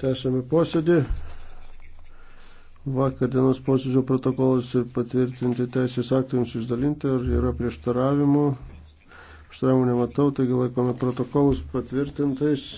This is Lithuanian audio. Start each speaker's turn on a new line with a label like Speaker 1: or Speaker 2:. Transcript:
Speaker 1: Tęsėme posėdį. Vakar dienos posėdžio protokolas ir patvirtinti teisės aktams išdalinti, ar yra prieštaravimų. Prieštaravimų nematau, taigi laikome protokolus patvirtintais.